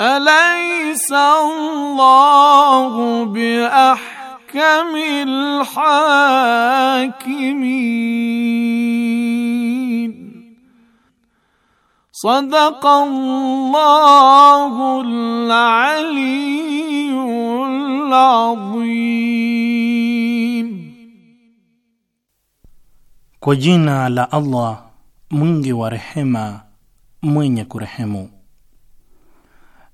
أليس الله بأحكم الحاكمين صدق الله العلي العظيم kwa jina la allah mwingi wa rehema mwenye kurehemu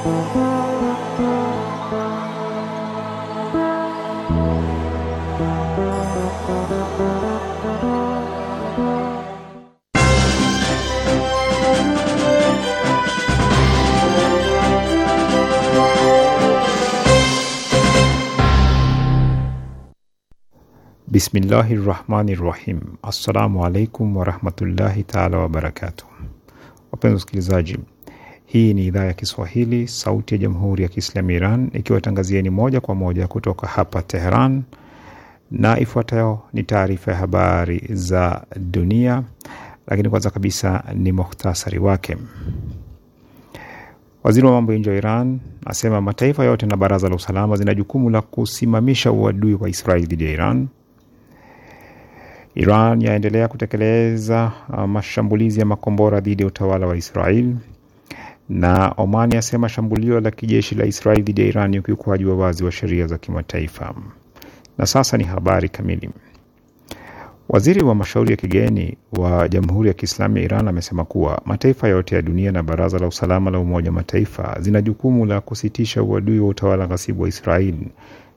بسم الله الرحمن الرحيم. Assalamu alaikum warahmatullahi taala wabarakatuh. Wapenzi wasikilizaji, Hii ni idhaa ya Kiswahili, sauti ya jamhuri ya kiislamu ya Iran, ikiwatangazieni moja kwa moja kutoka hapa Teheran. Na ifuatayo ni taarifa ya habari za dunia, lakini kwanza kabisa ni muhtasari wake. Waziri wa mambo ya nje wa Iran asema mataifa yote na baraza la usalama zina jukumu la kusimamisha uadui wa Israeli dhidi ya Iran. Iran yaendelea kutekeleza ah, mashambulizi ya makombora dhidi ya utawala wa Israeli na Omani asema shambulio la kijeshi la Israeli dhidi ya Iran ni ukiukwaji wa wazi wa sheria za kimataifa. Na sasa ni habari kamili. Waziri wa mashauri ya kigeni wa Jamhuri ya Kiislamu ya Iran amesema kuwa mataifa yote ya dunia na Baraza la Usalama la Umoja wa Mataifa zina jukumu la kusitisha uadui wa utawala ghasibu wa Israeli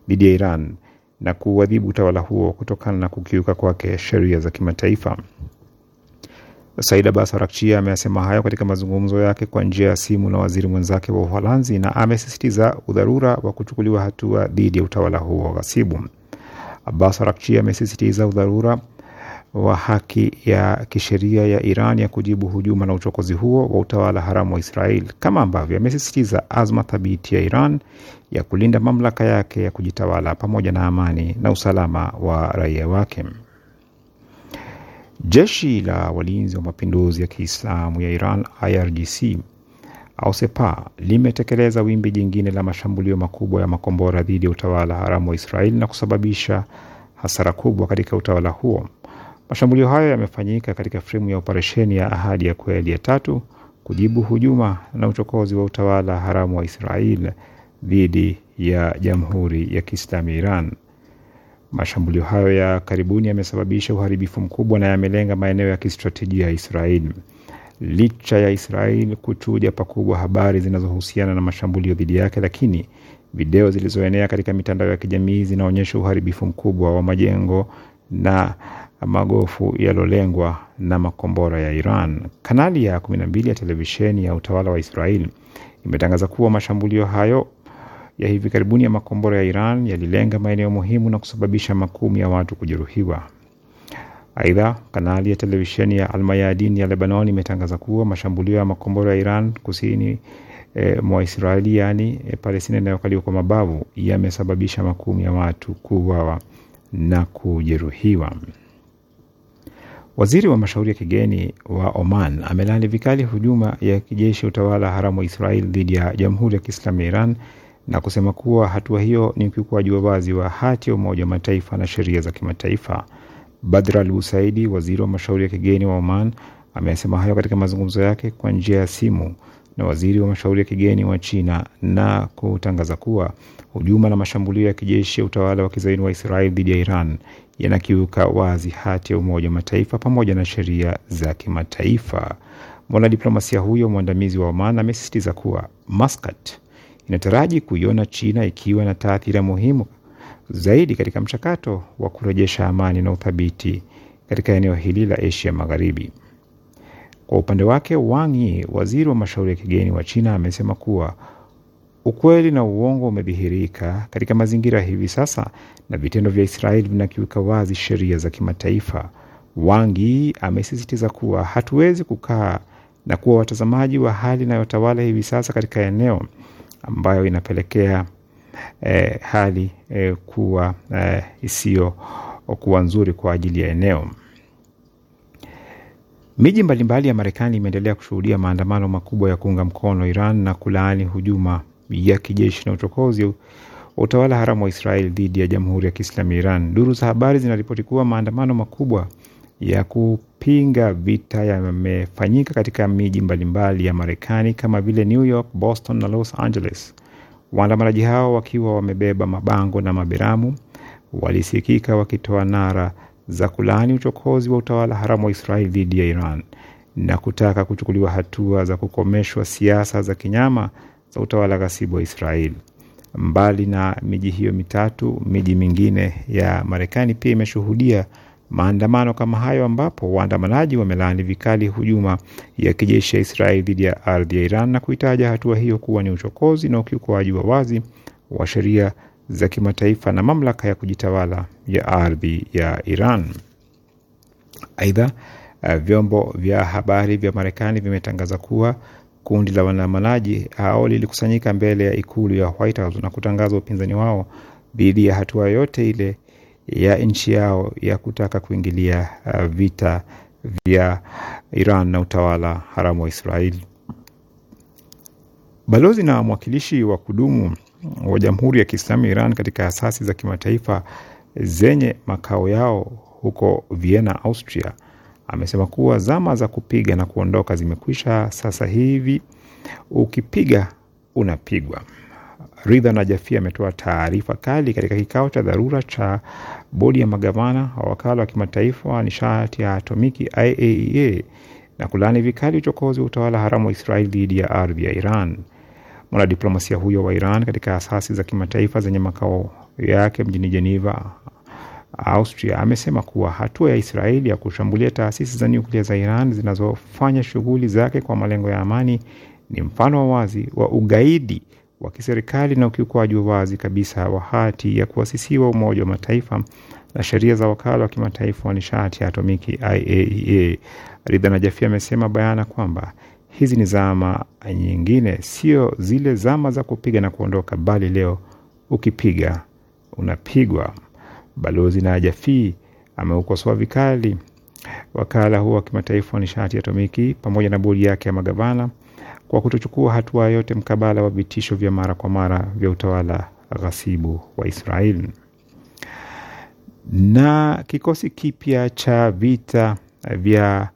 dhidi ya Iran na kuadhibu utawala huo kutokana na kukiuka kwake sheria za kimataifa. Said Abbas Arakchi hayo katika mazungumzo yake kwa njia ya simu na waziri mwenzake wa Uholanzi na amesisitiza udharura wa kuchukuliwa hatua dhidi ya utawala huo ghasibu. Abbas Arakchi amesisitiza udharura wa haki ya kisheria ya Iran ya kujibu hujuma na uchokozi huo wa utawala haramu wa Israel, kama ambavyo amesisitiza azma thabiti ya Iran ya kulinda mamlaka yake ya kujitawala pamoja na amani na usalama wa raia wake. Jeshi la Walinzi wa Mapinduzi ya Kiislamu ya Iran IRGC au Sepa limetekeleza wimbi jingine la mashambulio makubwa ya makombora dhidi ya utawala haramu wa Israeli na kusababisha hasara kubwa katika utawala huo. Mashambulio hayo yamefanyika katika fremu ya operesheni ya Ahadi ya Kweli ya tatu kujibu hujuma na uchokozi wa utawala haramu wa Israeli dhidi ya Jamhuri ya Kiislamu ya Iran. Mashambulio hayo ya karibuni yamesababisha uharibifu mkubwa na yamelenga maeneo ya kistratejia ya Israeli. Licha ya Israeli kuchuja pakubwa habari zinazohusiana na mashambulio dhidi yake, lakini video zilizoenea katika mitandao ya kijamii zinaonyesha uharibifu mkubwa wa majengo na magofu yalolengwa na makombora ya Iran. Kanali ya 12 ya televisheni ya utawala wa Israeli imetangaza kuwa mashambulio hayo ya hivi karibuni ya makombora ya Iran yalilenga maeneo muhimu na kusababisha makumi ya watu kujeruhiwa. Aidha, kanali ya televisheni ya Almayadin ya Lebanon imetangaza kuwa mashambulio ya makombora ya Iran kusini e, mwa Israeli yaani e, Palestina inayokaliwa kwa mabavu yamesababisha makumi ya watu kuuawa na kujeruhiwa. Waziri wa mashauri ya kigeni wa Oman amelaani vikali hujuma ya kijeshi utawala haramu wa Israel dhidi ya Jamhuri ya Kiislamu ya Iran na kusema kuwa hatua hiyo ni ukiukwaji wa wazi wa hati ya Umoja wa Mataifa na sheria za kimataifa. Badr Al Busaidi, waziri wa mashauri ya kigeni wa Oman, ameyasema hayo katika mazungumzo yake kwa njia ya simu na waziri wa mashauri ya kigeni wa China na kutangaza kuwa hujuma na mashambulio ya kijeshi ya utawala wa kizaini wa Israeli dhidi ya Iran yanakiuka wazi hati ya Umoja wa Mataifa pamoja na sheria za kimataifa. Mwanadiplomasia huyo mwandamizi wa Oman amesisitiza kuwa Muscat inataraji kuiona China ikiwa na taathira muhimu zaidi katika mchakato wa kurejesha amani na uthabiti katika eneo hili la Asia Magharibi. Kwa upande wake, Wang Yi, waziri wa mashauri ya kigeni wa China, amesema kuwa ukweli na uongo umedhihirika katika mazingira hivi sasa na vitendo vya Israeli vinakiuka wazi sheria za kimataifa. Wang Yi amesisitiza kuwa hatuwezi kukaa na kuwa watazamaji wa hali inayotawala hivi sasa katika eneo ambayo inapelekea eh, hali eh, kuwa eh, isiyo kuwa nzuri kwa ajili ya eneo. Miji mbalimbali ya Marekani imeendelea kushuhudia maandamano makubwa ya kuunga mkono Iran na kulaani hujuma ya kijeshi na uchokozi wa utawala haramu wa Israeli dhidi ya Jamhuri ya Kiislamu ya Iran. Duru za habari zinaripoti kuwa maandamano makubwa ya kupinga vita yamefanyika katika miji mbalimbali ya Marekani kama vile New York, Boston na Los Angeles. Waandamanaji hao wakiwa wamebeba mabango na mabiramu walisikika wakitoa nara za kulaani uchokozi wa utawala haramu wa Israeli dhidi ya Iran na kutaka kuchukuliwa hatua za kukomeshwa siasa za kinyama za utawala ghasibu wa Israeli. Mbali na miji hiyo mitatu, miji mingine ya Marekani pia imeshuhudia maandamano kama hayo ambapo waandamanaji wamelaani vikali hujuma ya kijeshi ya Israeli dhidi ya ardhi ya Iran na kuitaja hatua hiyo kuwa ni uchokozi na ukiukoaji wa wazi wa sheria za kimataifa na mamlaka ya kujitawala ya ardhi ya Iran. Aidha, eh, vyombo vya habari vya Marekani vimetangaza kuwa kundi la waandamanaji hao lilikusanyika mbele ya ikulu ya White House na kutangaza upinzani wao dhidi ya hatua yote ile ya nchi yao ya kutaka kuingilia uh, vita vya Iran na utawala haramu wa Israeli. Balozi na mwakilishi wa kudumu wa Jamhuri ya Kiislamu ya Iran katika asasi za kimataifa zenye makao yao huko Vienna, Austria, amesema kuwa zama za kupiga na kuondoka zimekwisha. Sasa hivi ukipiga unapigwa. Ridha Najafia ametoa taarifa kali katika kikao cha dharura cha bodi ya magavana wa wakala wa kimataifa wa nishati ya atomiki IAEA e, na kulani vikali uchokozi wa utawala haramu wa Israeli dhidi ya ardhi ya Iran. Mwanadiplomasia huyo wa Iran katika asasi za kimataifa zenye makao yake mjini Jeneva, Austria, amesema kuwa hatua ya Israeli ya kushambulia taasisi za nyuklia za Iran zinazofanya shughuli zake kwa malengo ya amani ni mfano wa wazi wa ugaidi wa kiserikali na ukiukwaji wa wazi kabisa wa hati ya kuasisiwa Umoja wa Mataifa na sheria za wakala wa kimataifa wa nishati ya atomiki IAEA. E Ridha Najafi amesema bayana kwamba hizi ni zama nyingine, sio zile zama za kupiga na kuondoka, bali leo ukipiga unapigwa. Balozi Najafi ameukosoa vikali wakala huo wa kimataifa wa nishati ya atomiki pamoja na bodi yake ya magavana kwa kutochukua hatua yote mkabala wa vitisho vya mara kwa mara vya utawala ghasibu wa Israel. Na kikosi kipya cha vita vya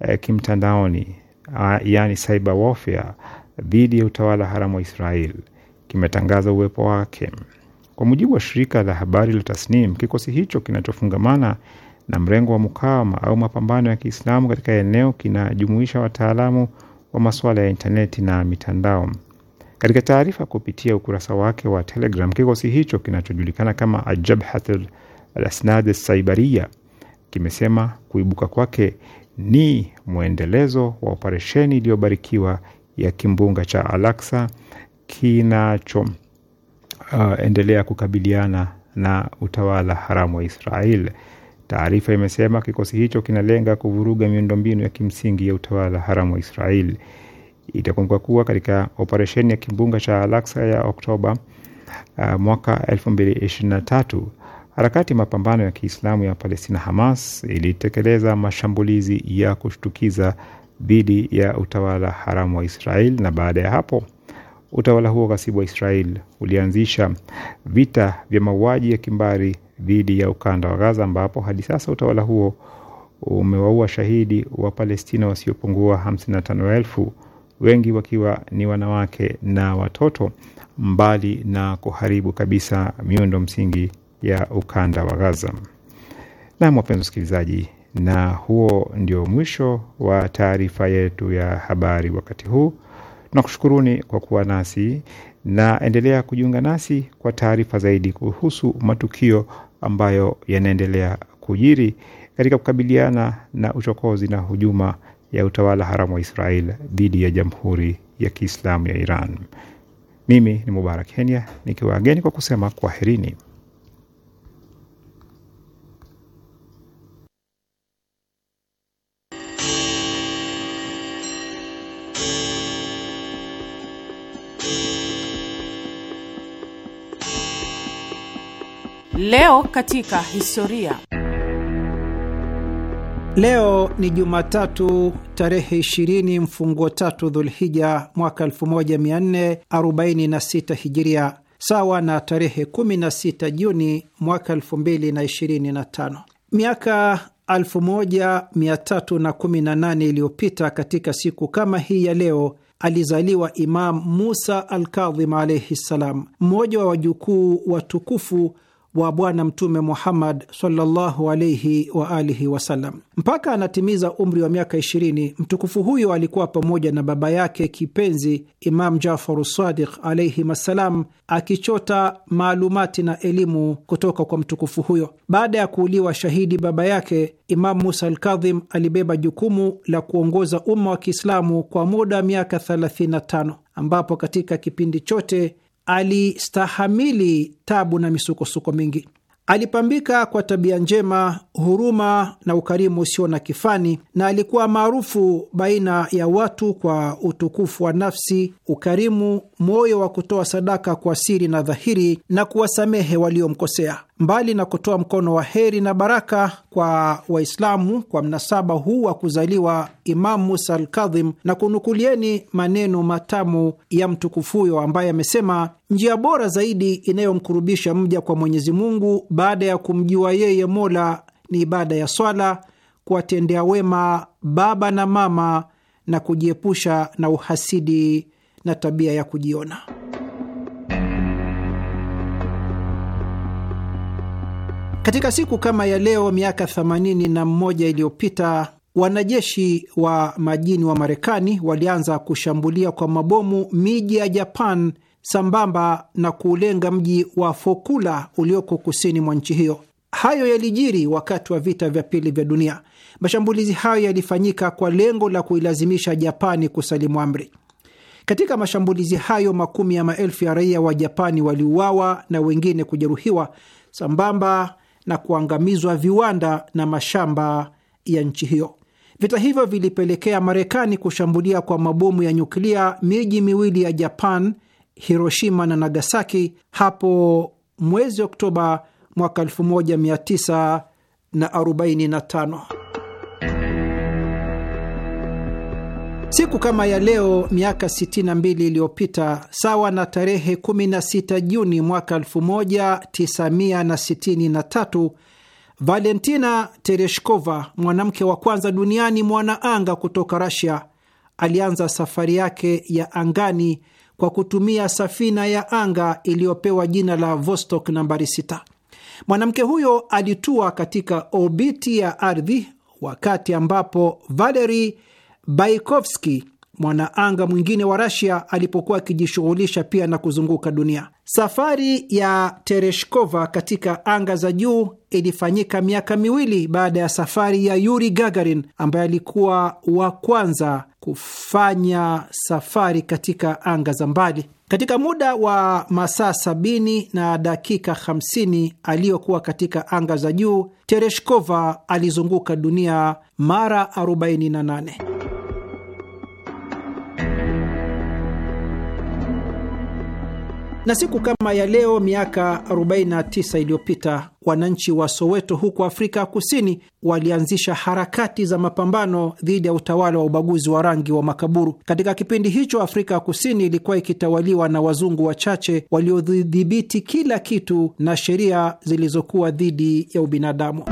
eh, kimtandaoni ah, yani cyber warfare dhidi ya utawala haramu wa Israel kimetangaza uwepo wake. Kwa mujibu wa shirika la habari la Tasnim, kikosi hicho kinachofungamana na mrengo wa mukawama au mapambano ya Kiislamu katika eneo kinajumuisha wataalamu wa masuala ya intaneti na mitandao. Katika taarifa kupitia ukurasa wake wa Telegram, kikosi hicho kinachojulikana kama Ajabhat Alasnad Saibaria kimesema kuibuka kwake ni mwendelezo wa operesheni iliyobarikiwa ya kimbunga cha Alaksa kinachoendelea uh, kukabiliana na utawala haramu wa Israel. Taarifa imesema kikosi hicho kinalenga kuvuruga miundombinu ya kimsingi ya utawala haramu wa Israel. Itakumbuka kuwa katika operesheni ya kimbunga cha Al-Aqsa ya Oktoba uh, mwaka 2023 harakati mapambano ya Kiislamu ya Palestina Hamas ilitekeleza mashambulizi ya kushtukiza dhidi ya utawala haramu wa Israel na baada ya hapo utawala huo ghasibu wa Israel ulianzisha vita vya mauaji ya kimbari dhidi ya ukanda wa Gaza ambapo hadi sasa utawala huo umewaua shahidi wa Palestina wasiopungua 55,000 wengi wakiwa ni wanawake na watoto, mbali na kuharibu kabisa miundo msingi ya ukanda wa Gaza. Nam, wapenzi wasikilizaji, na huo ndio mwisho wa taarifa yetu ya habari wakati huu. Tunakushukuruni kwa kuwa nasi na endelea kujiunga nasi kwa taarifa zaidi kuhusu matukio ambayo yanaendelea kujiri katika kukabiliana na uchokozi na hujuma ya utawala haramu wa Israel dhidi ya Jamhuri ya Kiislamu ya Iran. Mimi ni Mubarak Kenya ageni kwa kusema kwaherini. Leo katika historia. Leo ni Jumatatu tarehe 20 mfunguo tatu Dhulhija mwaka 1446 Hijiria, sawa na tarehe 16 Juni mwaka 2025. Miaka 1318 iliyopita katika siku kama hii ya leo alizaliwa Imam Musa Alkadhim alaihi ssalam, mmoja wa wajukuu watukufu wa Bwana Mtume Muhammad sallallahu alaihi wa alihi wasallam mpaka anatimiza umri wa miaka 20. Mtukufu huyo alikuwa pamoja na baba yake kipenzi Imam Jafaru Sadiq alaihim assalam, akichota maalumati na elimu kutoka kwa mtukufu huyo. Baada ya kuuliwa shahidi baba yake, Imam Musa Alkadhim alibeba jukumu la kuongoza umma wa Kiislamu kwa muda wa miaka 35 ambapo katika kipindi chote alistahamili tabu na misukosuko mingi. Alipambika kwa tabia njema, huruma na ukarimu usio na kifani, na alikuwa maarufu baina ya watu kwa utukufu wa nafsi, ukarimu, moyo wa kutoa sadaka kwa siri na dhahiri, na kuwasamehe waliomkosea. Mbali na kutoa mkono wa heri na baraka kwa Waislamu kwa mnasaba huu wa kuzaliwa Imamu Musa Alkadhim, na kunukulieni maneno matamu ya mtukufu huyo ambaye amesema, njia bora zaidi inayomkurubisha mja kwa Mwenyezi Mungu baada ya kumjua yeye Mola ni ibada ya swala, kuwatendea wema baba na mama, na kujiepusha na uhasidi na tabia ya kujiona. Katika siku kama ya leo miaka 81 iliyopita wanajeshi wa majini wa Marekani walianza kushambulia kwa mabomu miji ya Japan sambamba na kuulenga mji wa Fokula ulioko kusini mwa nchi hiyo. Hayo yalijiri wakati wa vita vya pili vya dunia. Mashambulizi hayo yalifanyika kwa lengo la kuilazimisha Japani kusalimu amri. Katika mashambulizi hayo, makumi ya maelfu ya raia wa Japani waliuawa na wengine kujeruhiwa, sambamba na kuangamizwa viwanda na mashamba ya nchi hiyo. Vita hivyo vilipelekea Marekani kushambulia kwa mabomu ya nyuklia miji miwili ya Japan, Hiroshima na Nagasaki, hapo mwezi Oktoba mwaka 1945. Siku kama ya leo miaka 62 iliyopita, sawa na tarehe 16 Juni mwaka 1963, Valentina Tereshkova, mwanamke wa kwanza duniani mwanaanga kutoka Russia, alianza safari yake ya angani kwa kutumia safina ya anga iliyopewa jina la Vostok nambari 6. Mwanamke huyo alitua katika obiti ya ardhi wakati ambapo Valeri Baikovski mwanaanga mwingine wa Rasia alipokuwa akijishughulisha pia na kuzunguka dunia. Safari ya Tereshkova katika anga za juu ilifanyika miaka miwili baada ya safari ya Yuri Gagarin ambaye alikuwa wa kwanza kufanya safari katika anga za mbali. Katika muda wa masaa sabini na dakika hamsini aliyokuwa katika anga za juu, Tereshkova alizunguka dunia mara 48. Na siku kama ya leo miaka 49 iliyopita wananchi wa Soweto huko Afrika Kusini walianzisha harakati za mapambano dhidi ya utawala wa ubaguzi wa rangi wa makaburu. Katika kipindi hicho, Afrika Kusini ilikuwa ikitawaliwa na wazungu wachache waliodhibiti kila kitu na sheria zilizokuwa dhidi ya ubinadamu.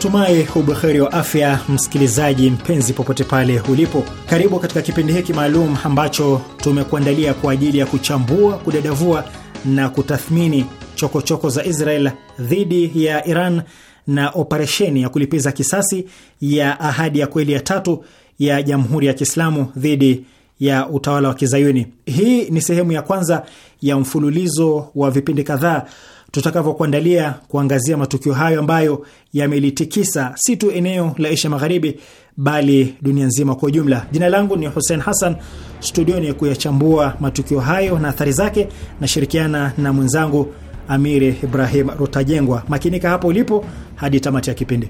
Natumai ubuheri wa afya, msikilizaji mpenzi, popote pale ulipo. Karibu katika kipindi hiki maalum ambacho tumekuandalia kwa ajili ya kuchambua, kudadavua na kutathmini chokochoko choko za Israel dhidi ya Iran na operesheni ya kulipiza kisasi ya Ahadi ya Kweli ya tatu ya Jamhuri ya Kiislamu dhidi ya utawala wa Kizayuni. Hii ni sehemu ya kwanza ya mfululizo wa vipindi kadhaa tutakavyokuandalia kuangazia matukio hayo ambayo yamelitikisa si tu eneo la Asia Magharibi bali dunia nzima kwa ujumla. Jina langu ni Hussein Hassan, studioni kuyachambua matukio hayo na athari zake, nashirikiana na mwenzangu Amiri Ibrahim Rutajengwa. Makinika hapo ulipo hadi tamati ya kipindi.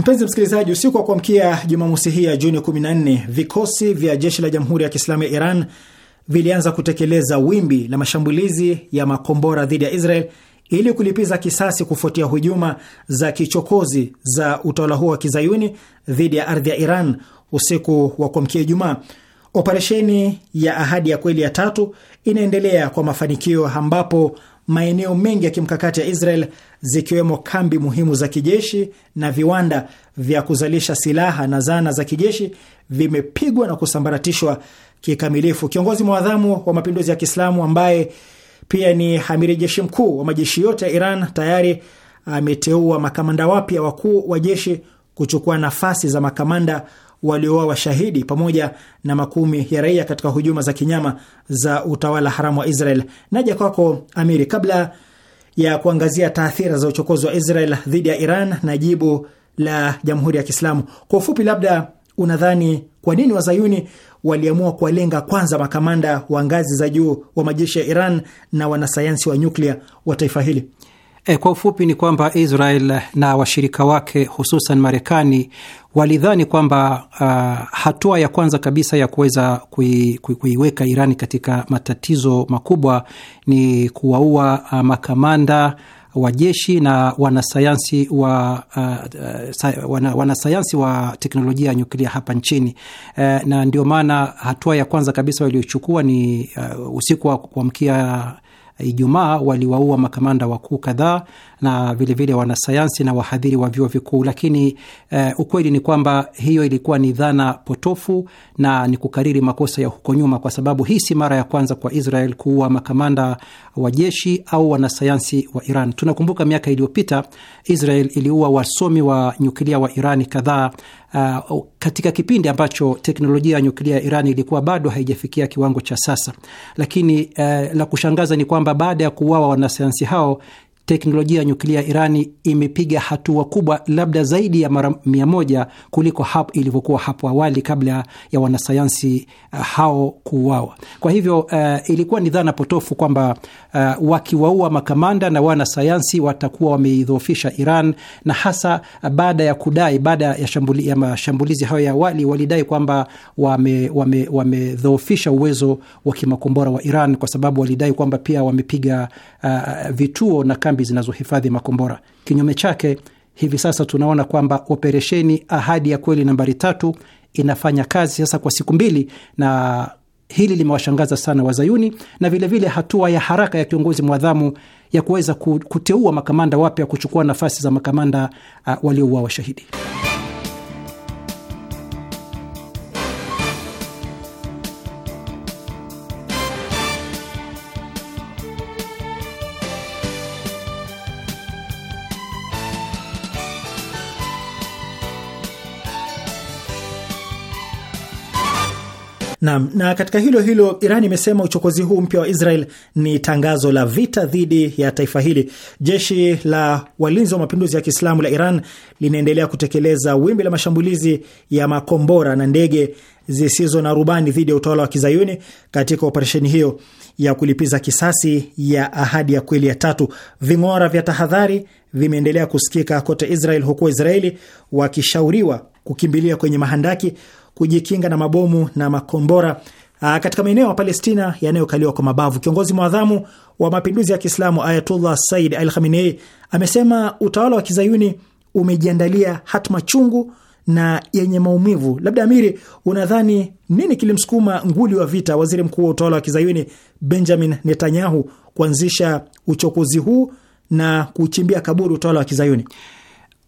Mpenzi msikilizaji, usiku wa kuamkia Jumamosi hii ya Juni 14 vikosi vya jeshi la jamhuri ya Kiislamu ya Iran vilianza kutekeleza wimbi la mashambulizi ya makombora dhidi ya Israel ili kulipiza kisasi kufuatia hujuma za kichokozi za utawala huo wa kizayuni dhidi ya ardhi ya Iran usiku wa kuamkia Ijumaa. Operesheni ya Ahadi ya Kweli ya tatu inaendelea kwa mafanikio, ambapo maeneo mengi ya kimkakati ya Israel zikiwemo kambi muhimu za kijeshi na viwanda vya kuzalisha silaha na zana za kijeshi vimepigwa na kusambaratishwa kikamilifu. Kiongozi mwadhamu wa mapinduzi ya Kiislamu ambaye pia ni amiri jeshi mkuu wa majeshi yote ya Iran tayari ameteua makamanda wapya wakuu wa jeshi kuchukua nafasi za makamanda walioa washahidi pamoja na makumi ya raia katika hujuma za kinyama za utawala haramu wa Israel. Naja kwako Amiri, kabla ya kuangazia taathira za uchokozi wa Israel dhidi ya Iran na jibu la Jamhuri ya Kiislamu, kwa ufupi, labda unadhani kwa nini wazayuni waliamua kuwalenga kwanza makamanda wa ngazi za juu wa majeshi ya Iran na wanasayansi wa nyuklia wa taifa hili? E, kwa ufupi ni kwamba Israel na washirika wake hususan Marekani walidhani kwamba uh, hatua ya kwanza kabisa ya kuweza kuiweka kui, kuiweka Irani katika matatizo makubwa ni kuwaua uh, makamanda wa jeshi na wanasayansi wa uh, sa, wana, wanasayansi wa teknolojia ya nyuklia hapa nchini uh, na ndio maana hatua ya kwanza kabisa waliochukua ni uh, usiku wa kuamkia Ijumaa waliwaua makamanda wakuu kadhaa na vilevile wanasayansi na wahadhiri wa vyuo vikuu, lakini eh, ukweli ni kwamba hiyo ilikuwa ni dhana potofu na ni kukariri makosa ya huko nyuma, kwa sababu hii si mara ya kwanza kwa Israel kuua makamanda wa jeshi au wanasayansi wa Iran. Tunakumbuka miaka iliyopita Israel iliua wasomi wa nyukilia wa Irani kadhaa uh, katika kipindi ambacho teknolojia ya nyuklia ya Iran ilikuwa bado haijafikia kiwango cha sasa. Lakini uh, la kushangaza ni kwamba kwamba baada ya kuuawa wanasayansi hao teknolojia ya nyuklia ya Irani imepiga hatua kubwa, labda zaidi ya mara mia moja kuliko hapo ilivyokuwa hapo awali kabla ya wanasayansi eh, hao kuuawa. Kwa hivyo uh, ilikuwa ni dhana potofu kwamba uh, wakiwaua makamanda na wanasayansi watakuwa wameidhoofisha Iran, na hasa baada ya kudai, baada ya, shambuli, ya mashambulizi hayo ya awali walidai kwamba wamedhoofisha wame, wame uwezo wa kimakombora wa Iran, kwa sababu walidai kwamba pia wamepiga uh, vituo na kambi kambi zinazohifadhi makombora. Kinyume chake, hivi sasa tunaona kwamba operesheni Ahadi ya Kweli nambari tatu inafanya kazi sasa kwa siku mbili, na hili limewashangaza sana Wazayuni na vilevile vile hatua ya haraka ya kiongozi mwadhamu ya kuweza kuteua makamanda wapya kuchukua nafasi za makamanda uh, waliouawa shahidi. Naam, na katika hilo hilo Iran imesema uchokozi huu mpya wa Israel ni tangazo la vita dhidi ya taifa hili. Jeshi la walinzi wa mapinduzi ya Kiislamu la Iran linaendelea kutekeleza wimbi la mashambulizi ya makombora na ndege zisizo na rubani dhidi ya utawala wa Kizayuni katika operesheni hiyo ya kulipiza kisasi ya ahadi ya kweli ya tatu. Ving'ora vya tahadhari vimeendelea kusikika kote Israel, huku Waisraeli wakishauriwa kukimbilia kwenye mahandaki kujikinga na mabomu na makombora aa, ah, katika maeneo ya Palestina yanayokaliwa kwa mabavu. Kiongozi mwadhamu wa mapinduzi ya Kiislamu Ayatullah Said Al Khamenei amesema utawala wa kizayuni umejiandalia hatma chungu na yenye maumivu. Labda Amiri, unadhani nini kilimsukuma nguli wa vita, waziri mkuu wa utawala wa kizayuni Benjamin Netanyahu kuanzisha uchokozi huu na kuchimbia kaburi utawala wa kizayuni?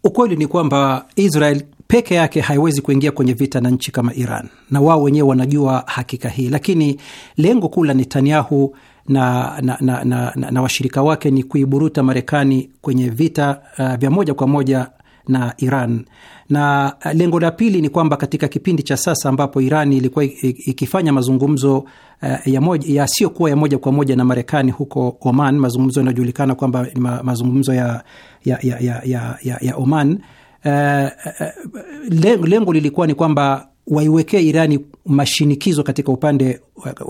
Ukweli ni kwamba Israel peke yake haiwezi kuingia kwenye vita na nchi kama Iran, na wao wenyewe wanajua hakika hii, lakini lengo kuu la Netanyahu na, na, na, na, na, na washirika wake ni kuiburuta Marekani kwenye vita uh, vya moja kwa moja na Iran. Na eh, lengo la pili ni kwamba katika kipindi cha sasa ambapo Iran ilikuwa ikifanya mazungumzo eh, yasiyokuwa ya, moja kwa moja na Marekani huko Oman, mazungumzo yanayojulikana kwamba ni mazungumzo ya, ya, ya, ya, ya, ya, ya Oman. Uh, lengo lilikuwa ni kwamba waiwekee Irani mashinikizo katika upande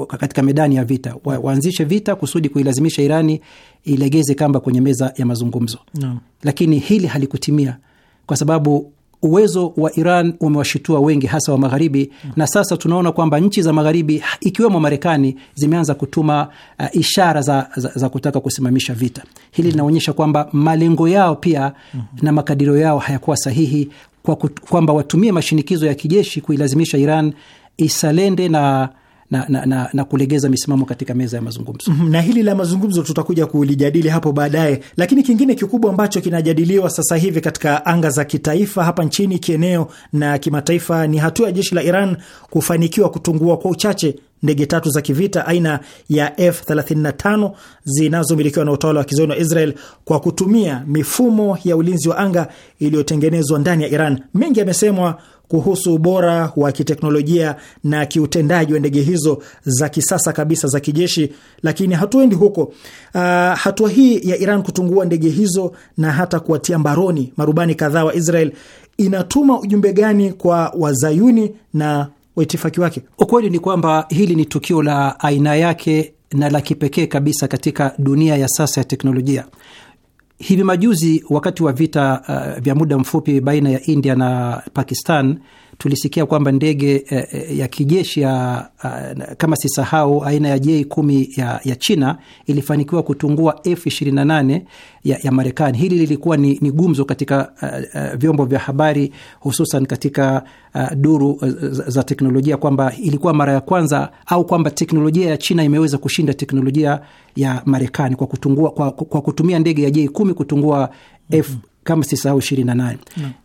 katika medani ya vita, waanzishe vita kusudi kuilazimisha Irani ilegeze kamba kwenye meza ya mazungumzo no. Lakini hili halikutimia kwa sababu uwezo wa Iran umewashitua wengi hasa wa Magharibi mm. Na sasa tunaona kwamba nchi za Magharibi ikiwemo Marekani zimeanza kutuma uh, ishara za, za, za kutaka kusimamisha vita. Hili mm. linaonyesha mm. kwamba malengo yao pia mm -hmm. na makadirio yao hayakuwa sahihi kwa kwamba watumie mashinikizo ya kijeshi kuilazimisha Iran isalende na na, na, na, na kulegeza misimamo katika meza ya mazungumzo. Mhm, na hili la mazungumzo tutakuja kulijadili hapo baadaye, lakini kingine kikubwa ambacho kinajadiliwa sasa hivi katika anga za kitaifa hapa nchini, kieneo na kimataifa ni hatua ya jeshi la Iran kufanikiwa kutungua kwa uchache ndege tatu za kivita aina ya F35 zinazomilikiwa na utawala wa kizayuni wa Israel kwa kutumia mifumo ya ulinzi wa anga iliyotengenezwa ndani ya Iran. Mengi yamesemwa kuhusu ubora wa kiteknolojia na kiutendaji wa ndege hizo za kisasa kabisa za kijeshi, lakini hatuendi huko. Uh, hatua hii ya Iran kutungua ndege hizo na hata kuwatia mbaroni marubani kadhaa wa Israel inatuma ujumbe gani kwa wazayuni na waitifaki wake. Ukweli ni kwamba hili ni tukio la aina yake na la kipekee kabisa katika dunia ya sasa ya teknolojia. Hivi majuzi wakati wa vita uh, vya muda mfupi baina ya India na Pakistan tulisikia kwamba ndege eh, eh ya kijeshi ya ah, kama sisahau aina ya J10 ya, ya China ilifanikiwa kutungua F28 ya, ya Marekani. Hili lilikuwa ni, ni gumzo katika uh, vyombo vya habari hususan katika uh, duru za teknolojia kwamba ilikuwa mara ya kwanza au kwamba teknolojia ya China imeweza kushinda teknolojia ya Marekani kwa kwa, kwa kutumia ndege ya J10 kutungua F, kama sisahau ishirini na nane.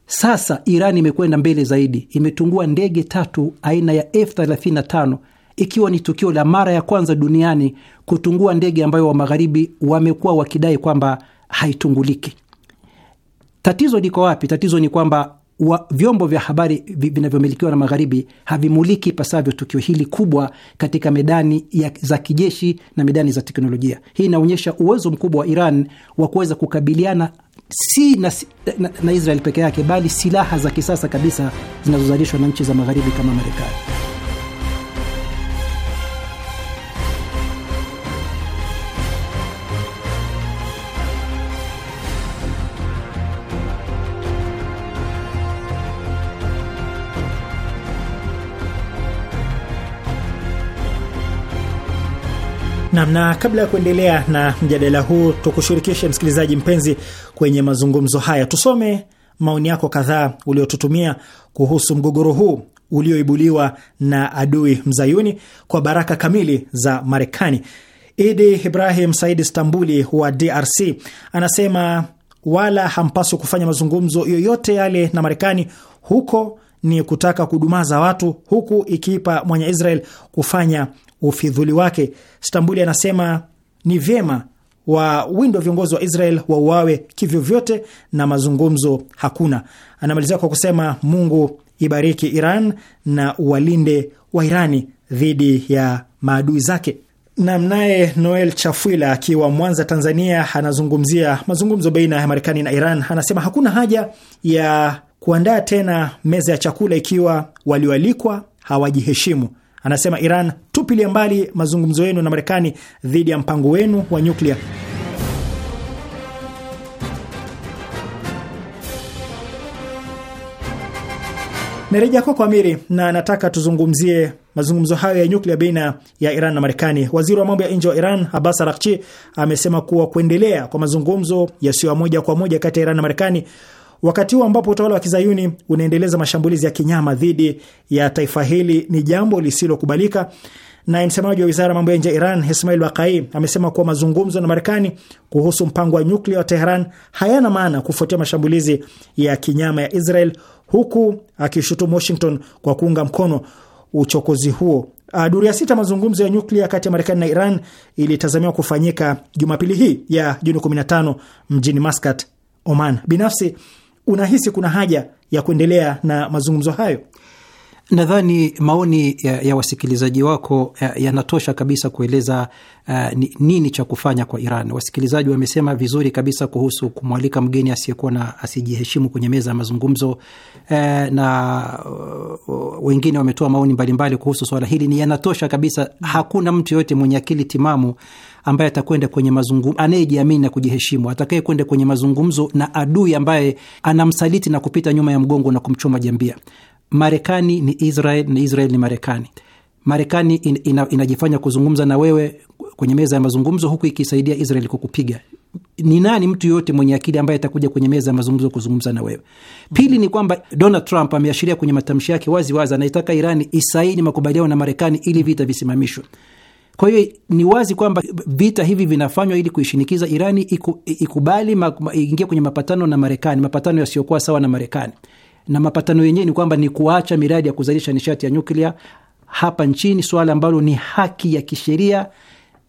Sasa Iran imekwenda mbele zaidi, imetungua ndege tatu aina ya F35 ikiwa ni tukio la mara ya kwanza duniani kutungua ndege ambayo wa magharibi wamekuwa wakidai kwamba haitunguliki. Tatizo liko wapi? Tatizo ni kwamba wa vyombo vya habari vinavyomilikiwa na magharibi havimuliki pasavyo tukio hili kubwa katika medani ya za kijeshi na medani za teknolojia. Hii inaonyesha uwezo mkubwa wa Iran wa kuweza kukabiliana si na, na, na Israel peke yake, bali silaha za kisasa kabisa zinazozalishwa na nchi za magharibi kama Marekani. Nam, na kabla ya kuendelea na mjadala huu, tukushirikishe msikilizaji mpenzi kwenye mazungumzo haya, tusome maoni yako kadhaa uliotutumia kuhusu mgogoro huu ulioibuliwa na adui mzayuni kwa baraka kamili za Marekani. Idi Ibrahim Said Stambuli wa DRC anasema wala hampaswi kufanya mazungumzo yoyote yale na Marekani huko ni kutaka kudumaza watu huku ikiipa mwenye Israel kufanya ufidhuli wake. Stambuli anasema ni vyema wawindwa viongozi wa Israel wauawe kivyovyote na mazungumzo hakuna. Anamalizia kwa kusema Mungu ibariki Iran na uwalinde wa Irani dhidi ya maadui zake. Namnaye Noel Chafwila akiwa Mwanza, Tanzania, anazungumzia mazungumzo baina ya Marekani na Iran. Anasema hakuna haja ya kuandaa tena meza ya chakula ikiwa walioalikwa hawajiheshimu. Anasema Iran, tupilie mbali mazungumzo yenu na Marekani dhidi ya mpango wenu wa nyuklia. Nareja kwako Amiri, na nataka tuzungumzie mazungumzo hayo ya nyuklia baina ya Iran na Marekani. Waziri wa mambo ya nje wa Iran Abbas Araghchi amesema kuwa kuendelea kwa mazungumzo yasiyo ya moja kwa moja kati ya Iran na Marekani Wakati huu ambapo utawala wa kizayuni unaendeleza mashambulizi ya kinyama dhidi ya taifa hili ni jambo lisilokubalika, na msemaji wa wizara ya mambo ya nje ya Iran Ismail Bakai amesema kuwa mazungumzo na Marekani kuhusu mpango wa nyuklia wa Teheran hayana maana kufuatia mashambulizi ya kinyama ya Israel, huku akishutumu Washington kwa kuunga mkono uchokozi huo. Ah, duru ya sita mazungumzo ya nyuklia kati ya Marekani na Iran ilitazamiwa kufanyika Jumapili hii ya Juni 15 mjini Muscat, Oman. Binafsi unahisi kuna haja ya kuendelea na mazungumzo hayo? Nadhani maoni ya, ya wasikilizaji wako yanatosha ya kabisa kueleza uh, nini cha kufanya kwa Iran. Wasikilizaji wamesema vizuri kabisa kuhusu kumwalika mgeni asiyekuwa na asijiheshimu kwenye meza ya mazungumzo uh, na uh, wengine wametoa maoni mbalimbali kuhusu swala hili, ni yanatosha kabisa. Mm. Hakuna mtu yoyote mwenye akili timamu ambaye atakwenda kwenye mazungumzo, anayejiamini na kujiheshimu, atakayekwenda kwenye mazungumzo na adui ambaye anamsaliti na kupita nyuma ya mgongo na kumchoma jambia. Marekani ni Israel na Israel ni Marekani. Marekani in, ina, inajifanya kuzungumza na wewe kwenye meza ya mazungumzo huku ikisaidia Israel kukupiga. Ni nani mtu yoyote mwenye akili ambaye atakuja kwenye meza ya mazungumzo kuzungumza na wewe? Pili ni kwamba Donald Trump ameashiria kwenye matamshi yake waziwazi, anaitaka Irani isaini makubaliano na Marekani ili vita visimamishwe. Kwa hiyo ni wazi kwamba vita hivi vinafanywa ili kuishinikiza Irani iku, ikubali ingia kwenye mapatano na Marekani, mapatano yasiyokuwa sawa na Marekani, na mapatano yenyewe ni kwamba ni kuacha miradi ya kuzalisha nishati ya nyuklia hapa nchini, suala ambalo ni haki ya kisheria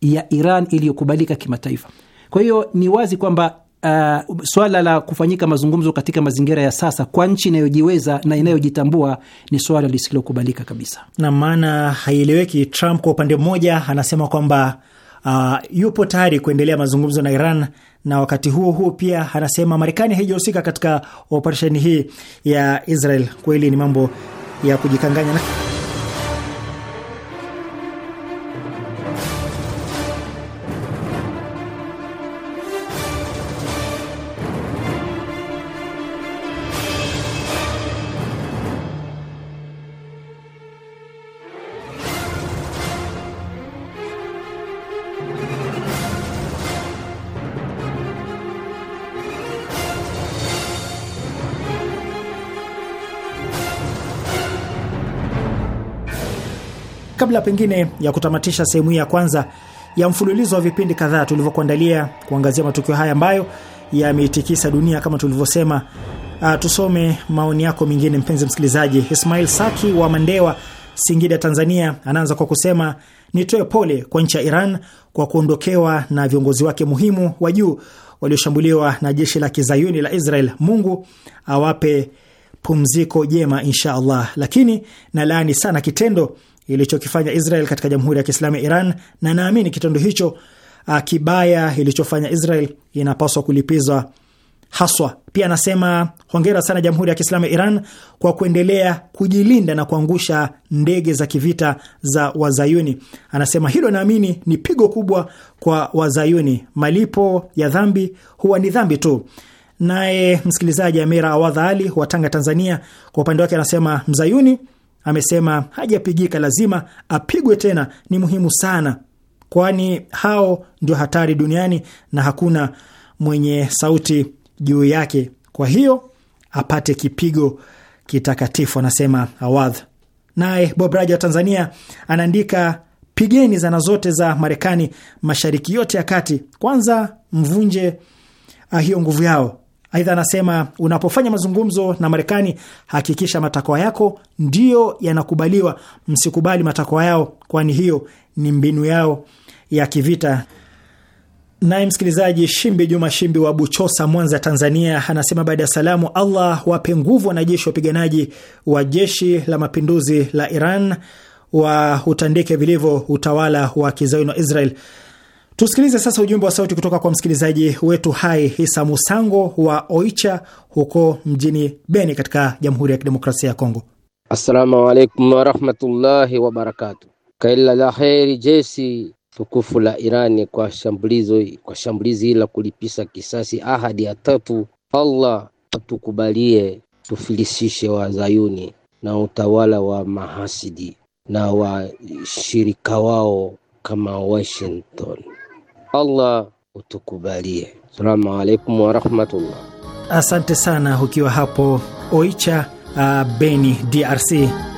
ya Iran iliyokubalika kimataifa. Kwa hiyo ni wazi kwamba Uh, swala la kufanyika mazungumzo katika mazingira ya sasa kwa nchi inayojiweza na inayojitambua ni swala lisilokubalika kabisa, na maana haieleweki. Trump kwa upande mmoja anasema kwamba uh, yupo tayari kuendelea mazungumzo na Iran na wakati huo huo pia anasema Marekani haijahusika katika operesheni hii ya Israel. Kweli ni mambo ya kujikanganya. Kabla pengine ya kutamatisha sehemu hii ya kwanza ya mfululizo wa vipindi kadhaa tulivyokuandalia kuangazia matukio haya ambayo yameitikisa dunia kama tulivyosema, uh, tusome maoni yako mengine, mpenzi msikilizaji. Ismail Saki wa Mandewa, Singida, Tanzania, anaanza kwa kusema nitoe pole kwa nchi ya Iran kwa kuondokewa na viongozi wake muhimu wa juu walioshambuliwa na jeshi la kizayuni la Israel. Mungu awape pumziko jema insha Allah, lakini nalaani sana kitendo ilichokifanya Israel katika Jamhuri ya Kiislamu ya Iran, na naamini kitendo hicho ah, kibaya ilichofanya Israel inapaswa kulipizwa haswa. Pia anasema hongera sana Jamhuri ya Kiislamu ya Iran kwa kuendelea kujilinda na kuangusha ndege za kivita za Wazayuni. Anasema hilo naamini ni pigo kubwa kwa Wazayuni, malipo ya dhambi huwa ni dhambi tu. Naye msikilizaji Amira Awadha Ali wa Tanga, Tanzania, kwa upande wake anasema mzayuni amesema hajapigika, lazima apigwe tena, ni muhimu sana, kwani hao ndio hatari duniani na hakuna mwenye sauti juu yake, kwa hiyo apate kipigo kitakatifu, anasema Awadh. Naye Bob Raja wa Tanzania anaandika pigeni zana zote za Marekani mashariki yote ya kati, kwanza mvunje ah, hiyo nguvu yao, Aidha anasema unapofanya mazungumzo na Marekani, hakikisha matakwa yako ndiyo yanakubaliwa, msikubali matakwa yao, kwani hiyo ni mbinu yao ya kivita. Naye msikilizaji Shimbi Juma Shimbi wa Buchosa, Mwanza, Tanzania, anasema baada ya salamu, Allah wape nguvu wanajeshi wapiganaji wa jeshi la mapinduzi la Iran, wa utandike vilivyo utawala wa kizayuni wa Israel. Tusikilize sasa ujumbe wa sauti kutoka kwa msikilizaji wetu hai Hisa Musango wa Oicha huko mjini Beni katika Jamhuri ya Kidemokrasia ya Kongo. Assalamu alaikum warahmatullahi wabarakatu. Kaila la heri jeshi tukufu la Irani kwa shambulizi kwa shambulizi la kulipisa kisasi ahadi ya tatu. Allah atukubalie tufilisishe wazayuni na utawala wa mahasidi na washirika wao kama Washington. Allah utukubalie. Assalamu alaikum warahmatullah. Asante sana ukiwa hapo Oicha, uh, Beni, DRC.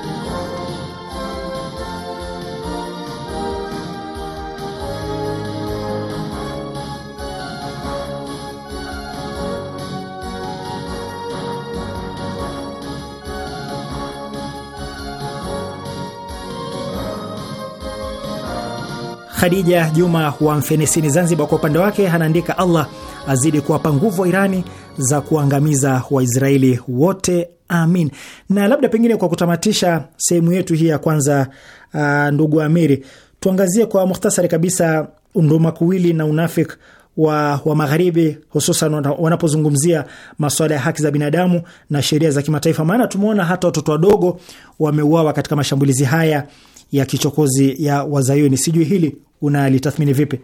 Khadija Juma wa Mfenesini, Zanzibar, kwa upande wake anaandika, Allah azidi kuwapa nguvu wa Irani za kuangamiza Waisraeli wote, amin. Na labda pengine kwa kutamatisha sehemu yetu hii ya kwanza, uh, ndugu Amiri, tuangazie kwa muhtasari kabisa undumakuwili na unafik wa, wa magharibi hususan wanapozungumzia masuala ya haki za binadamu na sheria za kimataifa, maana tumeona hata watoto wadogo wameuawa katika mashambulizi haya ya kichokozi ya Wazayuni. Sijui hili unalitathmini vipi?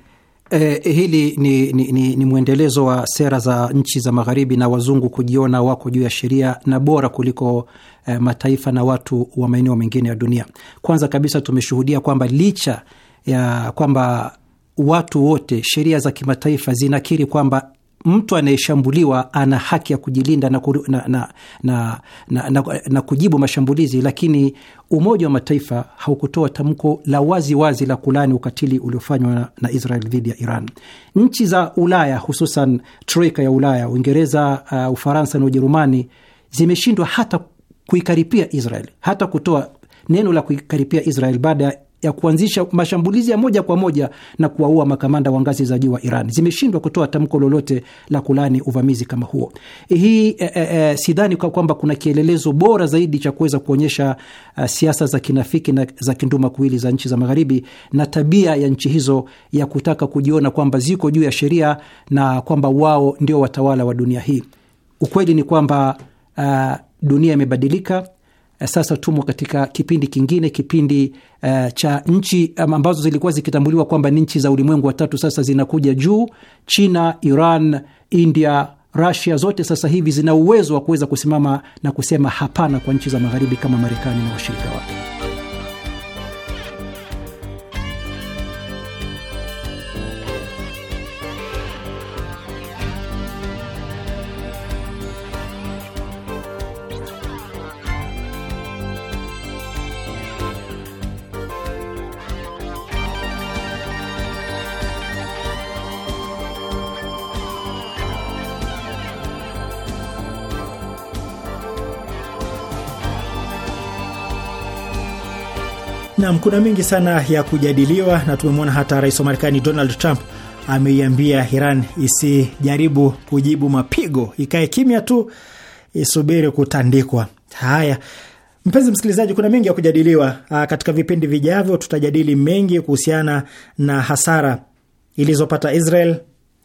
Eh, hili ni, ni, ni, ni mwendelezo wa sera za nchi za magharibi na wazungu kujiona wako juu ya sheria na bora kuliko eh, mataifa na watu wa maeneo mengine ya dunia. Kwanza kabisa tumeshuhudia kwamba licha ya kwamba watu wote sheria za kimataifa zinakiri kwamba mtu anayeshambuliwa ana haki ya kujilinda na, kuru, na, na, na, na, na, na kujibu mashambulizi, lakini Umoja wa Mataifa haukutoa tamko la wazi wazi la kulani ukatili uliofanywa na, na Israel dhidi ya Iran. Nchi za Ulaya hususan troika ya Ulaya, Uingereza, uh, Ufaransa na Ujerumani zimeshindwa hata kuikaripia Israel, hata kutoa neno la kuikaripia Israel baada ya ya kuanzisha mashambulizi ya moja kwa moja na kuwaua makamanda wa ngazi za juu wa Iran zimeshindwa kutoa tamko lolote la kulani uvamizi kama huo. Hii e, e, sidhani kwa kwamba kuna kielelezo bora zaidi cha kuweza kuonyesha uh, siasa za kinafiki na za kinduma kuwili za nchi za Magharibi na tabia ya nchi hizo ya kutaka kujiona kwamba ziko juu ya sheria na kwamba wao ndio watawala wa dunia hii. Ukweli ni kwamba uh, dunia imebadilika Eh, sasa tumo katika kipindi kingine, kipindi uh, cha nchi ambazo zilikuwa zikitambuliwa kwamba ni nchi za ulimwengu wa tatu, sasa zinakuja juu. China, Iran, India, rasia zote sasa hivi zina uwezo wa kuweza kusimama na kusema hapana kwa nchi za magharibi kama Marekani na washirika wake. Nam, kuna mengi sana ya kujadiliwa na tumemwona hata rais wa Marekani Donald Trump ameiambia Iran isijaribu kujibu mapigo, ikae kimya tu isubiri kutandikwa. Haya, mpenzi msikilizaji, kuna mengi ya kujadiliwa. Ah, katika vipindi vijavyo, tutajadili mengi kuhusiana na hasara ilizopata Israel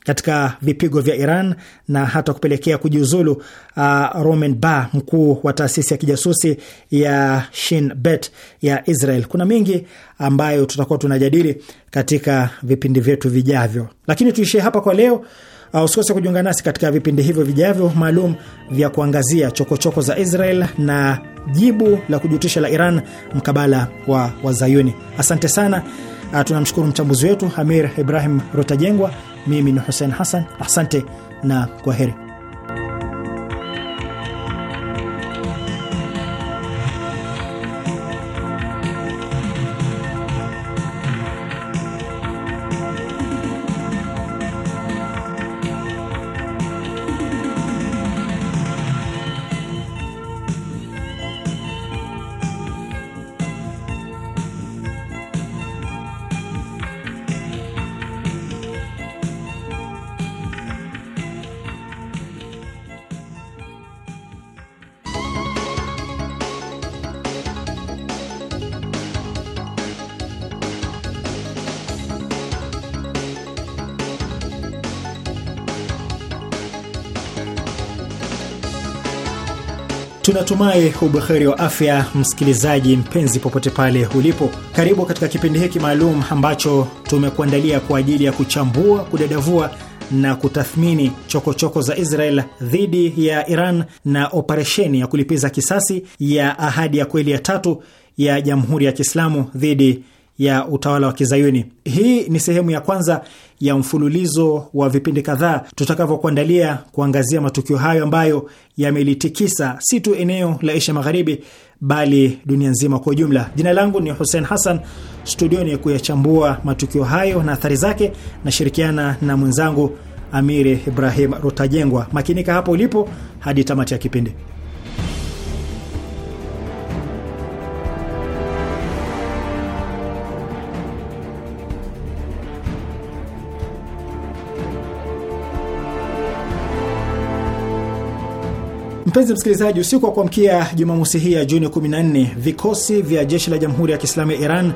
katika vipigo vya Iran na hata kupelekea kujiuzulu uh, Roman Bar, mkuu wa taasisi ya kijasusi ya Shin Bet ya Israel. Kuna mengi ambayo tutakuwa tunajadili katika vipindi vyetu vijavyo, lakini tuishie hapa kwa leo. Uh, usikose kujiunga nasi katika vipindi hivyo vijavyo maalum vya kuangazia chokochoko choko za Israel na jibu la kujutisha la Iran mkabala wa Wazayuni. Asante sana. Uh, tunamshukuru mchambuzi wetu Amir Ibrahim Rutajengwa mimi ni Hussein Hassan, asante na kwa heri. Natumai ubuheri wa afya, msikilizaji mpenzi, popote pale ulipo, karibu katika kipindi hiki maalum ambacho tumekuandalia kwa ajili ya kuchambua, kudadavua na kutathmini chokochoko -choko za Israel dhidi ya Iran na operesheni ya kulipiza kisasi ya Ahadi ya Kweli ya Tatu ya Jamhuri ya Kiislamu dhidi ya utawala wa Kizayuni. Hii ni sehemu ya kwanza ya mfululizo wa vipindi kadhaa tutakavyokuandalia kuangazia matukio hayo ambayo yamelitikisa si tu eneo la Asia Magharibi bali dunia nzima kwa ujumla. Jina langu ni Hussein Hassan, studioni kuyachambua matukio hayo na athari zake, nashirikiana na mwenzangu Amiri Ibrahim Rutajengwa. Makinika hapo ulipo hadi tamati ya kipindi. Mpenzi msikilizaji, usiku wa kuamkia Jumamosi hii ya Juni 14 vikosi vya jeshi la Jamhuri ya Kiislamu ya Iran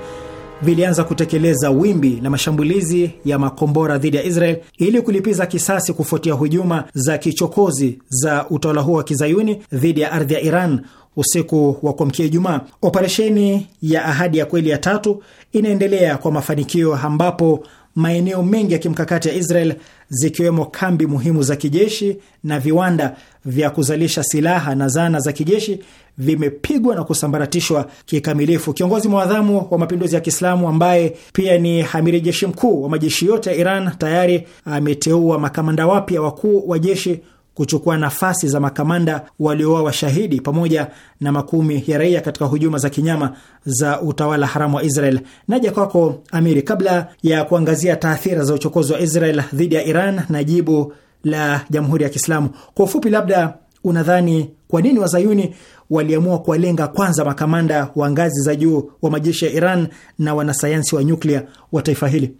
vilianza kutekeleza wimbi la mashambulizi ya makombora dhidi ya Israel ili kulipiza kisasi kufuatia hujuma za kichokozi za utawala huo wa kizayuni dhidi ya ardhi ya Iran usiku wa kuamkia Ijumaa. Operesheni ya Ahadi ya Kweli ya tatu inaendelea kwa mafanikio, ambapo maeneo mengi ya kimkakati ya Israel zikiwemo kambi muhimu za kijeshi na viwanda vya kuzalisha silaha na zana za kijeshi vimepigwa na kusambaratishwa kikamilifu. Kiongozi mwadhamu wa mapinduzi ya Kiislamu ambaye pia ni amiri jeshi mkuu wa majeshi yote ya Iran tayari ameteua makamanda wapya wakuu wa jeshi kuchukua nafasi za makamanda walioa washahidi pamoja na makumi ya raia katika hujuma za kinyama za utawala haramu wa Israel. Naja kwako Amiri, kabla ya kuangazia taathira za uchokozi wa Israel dhidi ya Iran na jibu la Jamhuri ya Kiislamu, kwa ufupi, labda unadhani kwa nini wazayuni waliamua kuwalenga kwanza makamanda wa ngazi za juu wa majeshi ya Iran na wanasayansi wa nyuklia wa taifa hili?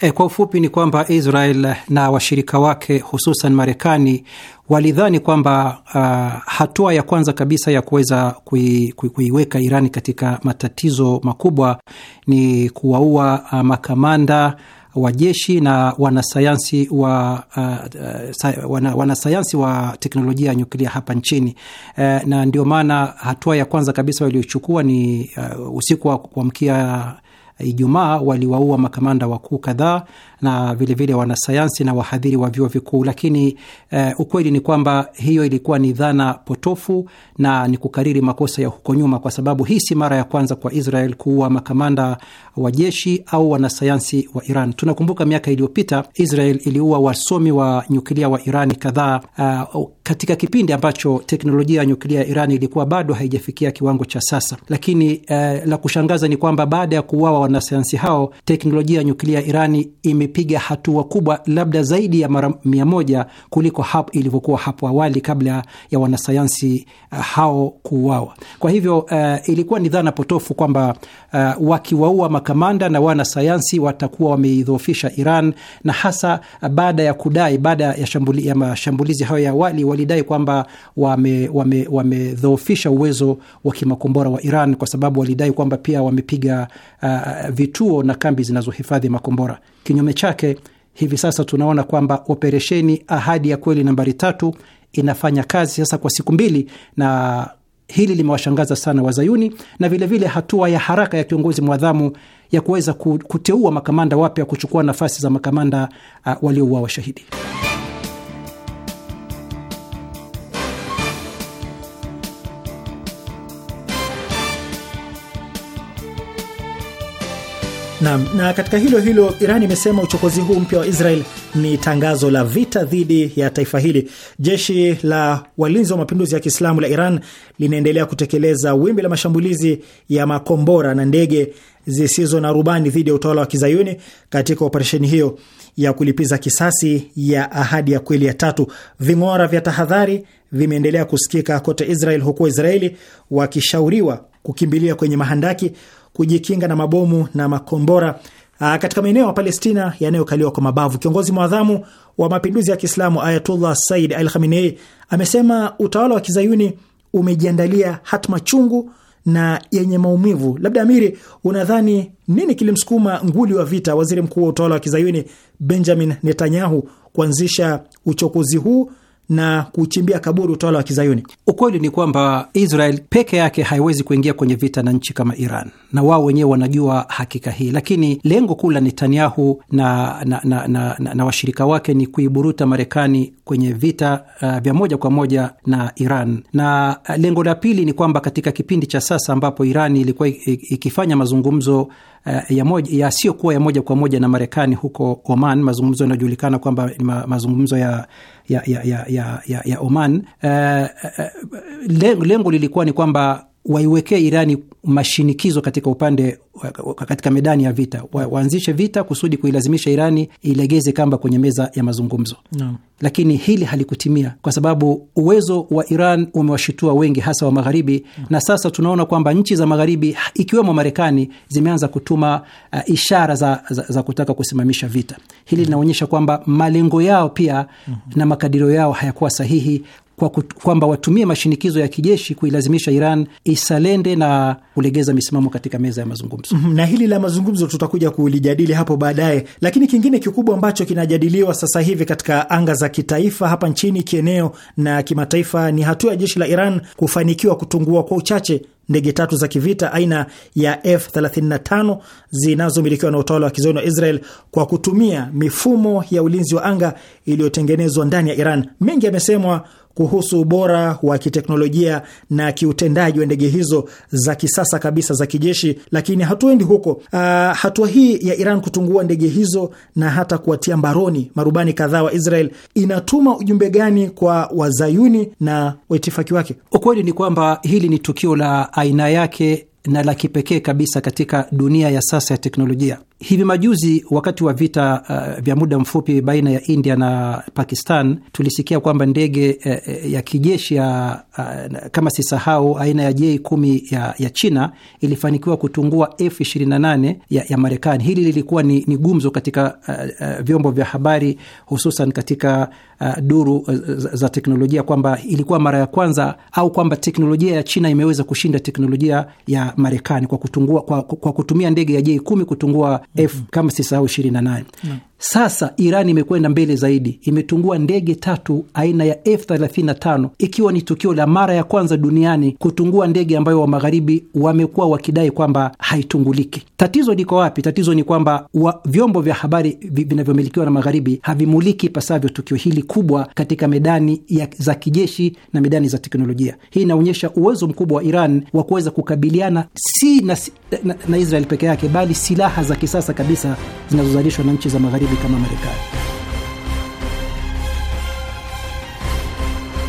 E, kwa ufupi ni kwamba Israel na washirika wake hususan Marekani walidhani kwamba uh, hatua ya kwanza kabisa ya kuweza kuiweka kui, kuiweka Irani katika matatizo makubwa ni kuwaua uh, makamanda wa jeshi na wanasayansi wa, uh, sa, wana, wanasayansi wa teknolojia ya nyuklia hapa nchini uh, na ndio maana hatua ya kwanza kabisa waliochukua ni uh, usiku wa kuamkia Ijumaa waliwaua makamanda wakuu kadhaa na vilevile wanasayansi na wahadhiri wa vyuo vikuu, lakini eh, ukweli ni kwamba hiyo ilikuwa ni dhana potofu na ni kukariri makosa ya huko nyuma, kwa sababu hii si mara ya kwanza kwa Israel kuua makamanda wa jeshi au wanasayansi wa Iran. Tunakumbuka miaka iliyopita Israel iliua wasomi wa nyukilia wa Irani kadhaa, uh, katika kipindi ambacho teknolojia ya nyukilia ya Irani ilikuwa bado haijafikia kiwango cha sasa. Lakini uh, la kushangaza ni kwamba baada ya kuuawa wanasayansi hao teknolojia ya nyukilia ya Irani ime imepiga hatua kubwa, labda zaidi ya mara mia moja kuliko hapo ilivyokuwa hapo awali kabla ya wanasayansi eh, hao kuuawa. Kwa hivyo uh, ilikuwa ni dhana potofu kwamba uh, wakiwaua makamanda na wanasayansi watakuwa wameidhoofisha Iran, na hasa baada ya kudai, baada ya, shambuli, ya mashambulizi hayo ya awali walidai kwamba wamedhoofisha wame, wame uwezo wa kimakombora wa Iran kwa sababu walidai kwamba pia wamepiga uh, vituo na kambi zinazohifadhi makombora kinyume chake, hivi sasa tunaona kwamba operesheni Ahadi ya Kweli nambari tatu inafanya kazi sasa kwa siku mbili, na hili limewashangaza sana Wazayuni na vilevile vile hatua ya haraka ya kiongozi mwadhamu ya kuweza kuteua makamanda wapya kuchukua nafasi za makamanda uh, waliouawa shahidi. Na, na katika hilo hilo Iran imesema uchokozi huu mpya wa Israel ni tangazo la vita dhidi ya taifa hili. Jeshi la walinzi wa mapinduzi ya Kiislamu la Iran linaendelea kutekeleza wimbi la mashambulizi ya makombora na ndege zisizo na rubani dhidi ya utawala wa Kizayuni katika operesheni hiyo ya kulipiza kisasi ya ahadi ya kweli ya tatu. Ving'ora vya tahadhari vimeendelea kusikika kote Israel huku Waisraeli wakishauriwa kukimbilia kwenye mahandaki kujikinga na mabomu na makombora ah, katika maeneo ya Palestina yanayokaliwa kwa mabavu. Kiongozi mwadhamu wa mapinduzi ya Kiislamu Ayatullah Said Al Khamenei amesema utawala wa kizayuni umejiandalia hatma chungu na yenye maumivu. Labda Amiri, unadhani nini kilimsukuma nguli wa vita, waziri mkuu wa utawala wa kizayuni Benjamin Netanyahu, kuanzisha uchokozi huu na kuchimbia kaburi utawala wa Kizayuni. Ukweli ni kwamba Israel peke yake haiwezi kuingia kwenye vita na nchi kama Iran, na wao wenyewe wanajua hakika hii, lakini lengo kuu la Netanyahu na, na, na, na, na, na washirika wake ni kuiburuta Marekani kwenye vita uh, vya moja kwa moja na Iran, na uh, lengo la pili ni kwamba katika kipindi cha sasa ambapo Iran ilikuwa ikifanya mazungumzo uh, ya moja yasiyokuwa ya moja kwa moja na Marekani huko Oman, mazungumzo yanayojulikana kwamba ni ma, mazungumzo ya ya, ya, ya, ya, ya Oman. Uh, lengo lilikuwa ni kwamba waiwekee Irani mashinikizo katika upande katika medani ya vita wa, waanzishe vita kusudi kuilazimisha Irani ilegeze kamba kwenye meza ya mazungumzo no. Lakini hili halikutimia kwa sababu uwezo wa Iran umewashitua wengi, hasa wa Magharibi no. Na sasa tunaona kwamba nchi za Magharibi ikiwemo Marekani zimeanza kutuma uh, ishara za, za, za kutaka kusimamisha vita. Hili linaonyesha no. kwamba malengo yao pia no. Mm-hmm. na makadirio yao hayakuwa sahihi, kwa kwamba watumie mashinikizo ya kijeshi kuilazimisha Iran isalende na kulegeza misimamo katika meza ya mazungumzo. Mm -hmm. Na hili la mazungumzo tutakuja kulijadili hapo baadaye, lakini kingine kikubwa ambacho kinajadiliwa sasa hivi katika anga za kitaifa hapa nchini, kieneo na kimataifa ni hatua ya jeshi la Iran kufanikiwa kutungua kwa uchache ndege tatu za kivita aina ya F35 zinazomilikiwa na utawala wa kizayuni wa Israel kwa kutumia mifumo ya ulinzi wa anga iliyotengenezwa ndani ya Iran. Mengi yamesemwa kuhusu ubora wa kiteknolojia na kiutendaji wa ndege hizo za kisasa kabisa za kijeshi, lakini hatuendi huko. Uh, hatua hii ya Iran kutungua ndege hizo na hata kuwatia mbaroni marubani kadhaa wa Israel inatuma ujumbe gani kwa wazayuni na waitifaki wake? Ukweli ni kwamba hili ni tukio la aina yake na la kipekee kabisa katika dunia ya sasa ya teknolojia. Hivi majuzi wakati wa vita uh, vya muda mfupi baina ya India na Pakistan tulisikia kwamba ndege uh, ya kijeshi ya uh, kama sisahau aina ya j kumi ya, ya China ilifanikiwa kutungua F28 ya, ya Marekani. Hili lilikuwa ni, ni gumzo katika uh, uh, vyombo vya habari hususan katika uh, duru uh, za teknolojia kwamba ilikuwa mara ya kwanza au kwamba teknolojia ya China imeweza kushinda teknolojia ya Marekani kwa kwa, kwa kutumia ndege ya j kumi kutungua mm elfu kama sisahau ishirini na nane mm -hmm. Sasa Iran imekwenda mbele zaidi, imetungua ndege tatu aina ya F35 ikiwa ni tukio la mara ya kwanza duniani kutungua ndege ambayo wa magharibi wamekuwa wakidai kwamba haitunguliki. Tatizo liko wapi? Tatizo ni kwamba wa vyombo vya habari vinavyomilikiwa na magharibi havimuliki pasavyo tukio hili kubwa katika medani ya za kijeshi na medani za teknolojia. Hii inaonyesha uwezo mkubwa wa Iran wa kuweza kukabiliana si na, na, na Israel peke yake, bali silaha za kisasa kabisa zinazozalishwa na nchi za magharibi. como americano.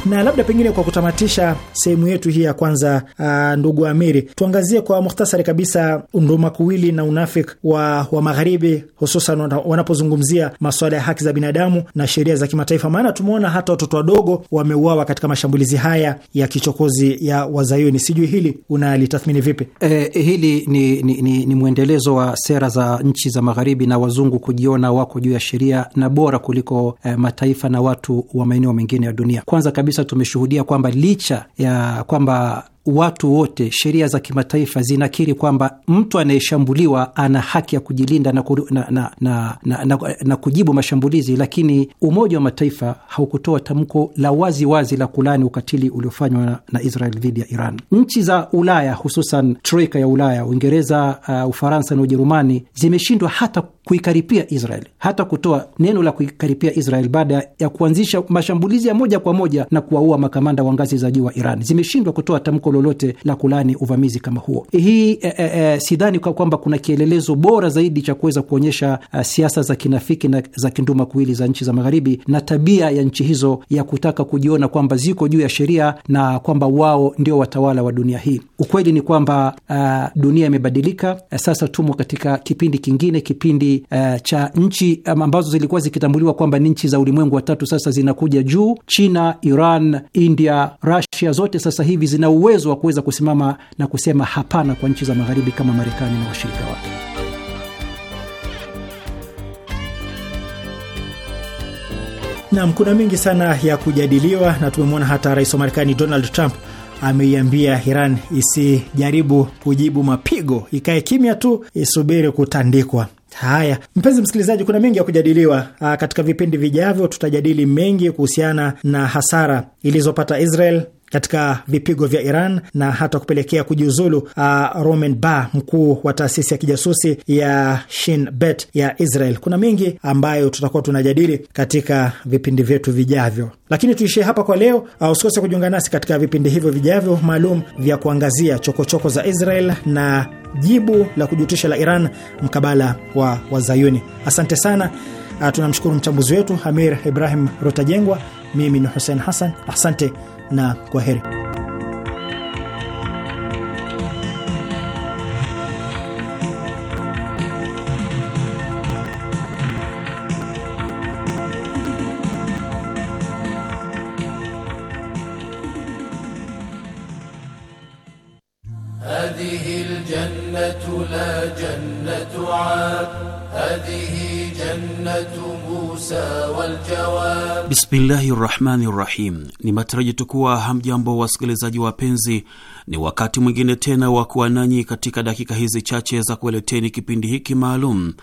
Na labda pengine kwa kutamatisha sehemu yetu hii ya kwanza, uh, ndugu Amiri, tuangazie kwa muhtasari kabisa ndumakuwili na unafik wa, wa Magharibi, hususan wanapozungumzia masuala ya haki za binadamu na sheria za kimataifa. Maana tumeona hata watoto wadogo wameuawa katika mashambulizi haya ya kichokozi ya Wazayuni. Sijui hili unalitathmini vipi? Eh, hili ni, ni, ni, ni mwendelezo wa sera za nchi za Magharibi na wazungu kujiona wako juu ya sheria na bora kuliko eh, mataifa na watu wa maeneo mengine ya dunia. Kwanza kabisa kabisa tumeshuhudia kwamba licha ya kwamba watu wote, sheria za kimataifa zinakiri kwamba mtu anayeshambuliwa ana haki ya kujilinda na, kuru, na, na, na, na, na, na kujibu mashambulizi, lakini Umoja wa Mataifa haukutoa tamko la wazi wazi la kulani ukatili uliofanywa na, na Israel dhidi ya Iran. Nchi za Ulaya hususan troika ya Ulaya, Uingereza, uh, Ufaransa na Ujerumani zimeshindwa hata kuikaripia Israel, hata kutoa neno la kuikaripia Israel baada ya kuanzisha mashambulizi ya moja kwa moja na kuwaua makamanda wa ngazi za juu wa Iran. Zimeshindwa kutoa tamko lolote la kulani uvamizi kama huo. Eh, hii e, e, sidhani kwa kwamba kuna kielelezo bora zaidi cha kuweza kuonyesha uh, siasa za kinafiki na za kinduma kuwili za nchi za Magharibi na tabia ya nchi hizo ya kutaka kujiona kwamba ziko juu ya sheria na kwamba wao ndio watawala wa dunia hii. Ukweli ni kwamba uh, dunia imebadilika. Uh, sasa tumo katika kipindi kingine, kipindi uh, cha nchi um, ambazo zilikuwa zikitambuliwa kwamba ni nchi za ulimwengu wa tatu, sasa zinakuja juu. China, Iran, India, Russia zote sasa hivi zina uwezo uwezo wa kuweza kusimama na kusema hapana kwa nchi za magharibi kama Marekani na washirika wake. Nam, kuna mengi sana ya kujadiliwa na tumemwona hata rais wa Marekani Donald Trump ameiambia Iran isijaribu kujibu mapigo, ikae kimya tu, isubiri kutandikwa. Haya, mpenzi msikilizaji, kuna mengi ya kujadiliwa. katika vipindi vijavyo tutajadili mengi kuhusiana na hasara ilizopata Israel katika vipigo vya Iran na hata kupelekea kujiuzulu uh, Roman Bar, mkuu wa taasisi ya kijasusi ya Shin Bet ya Israel. Kuna mengi ambayo tutakuwa tunajadili katika vipindi vyetu vijavyo, lakini tuishie hapa kwa leo. Uh, usikose kujiunga nasi katika vipindi hivyo vijavyo maalum vya kuangazia chokochoko choko za Israel na jibu la kujutisha la Iran mkabala wa Wazayuni. Asante sana. Uh, tunamshukuru mchambuzi wetu Amir Ibrahim Rutajengwa. Mimi ni Hussein Hassan, asante na kwa heri. Bismillahi rahmani rahim, ni matarajio tukuwa hamjambo wasikilizaji wapenzi ni wakati mwingine tena wa kuwa nanyi katika dakika hizi chache za kueleteni kipindi hiki maalum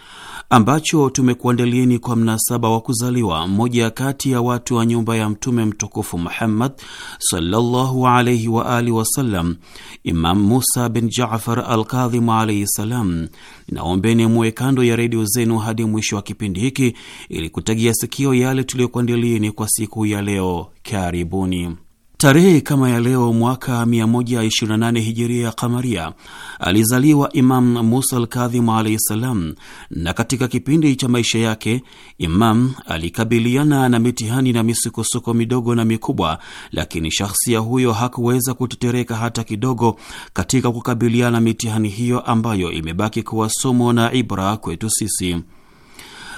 ambacho tumekuandalieni kwa mnasaba wa kuzaliwa mmoja kati ya watu wa nyumba ya Mtume mtukufu Muhammad sallallahu alaihi wa alihi wasallam, Imam Musa bin Jafar al Kadhimu alaihi salam. Naombeni muwe kando ya redio zenu hadi mwisho wa kipindi hiki ili kutegia sikio yale tuliyokuandalieni kwa siku ya leo. Karibuni. Tarehe kama ya leo mwaka 128 hijiria ya kamaria alizaliwa Imam Musa Alkadhim alaihi ssalam, na katika kipindi cha maisha yake Imam alikabiliana na mitihani na misukosuko midogo na mikubwa, lakini shahsia huyo hakuweza kutetereka hata kidogo katika kukabiliana mitihani hiyo ambayo imebaki kuwa somo na ibra kwetu sisi.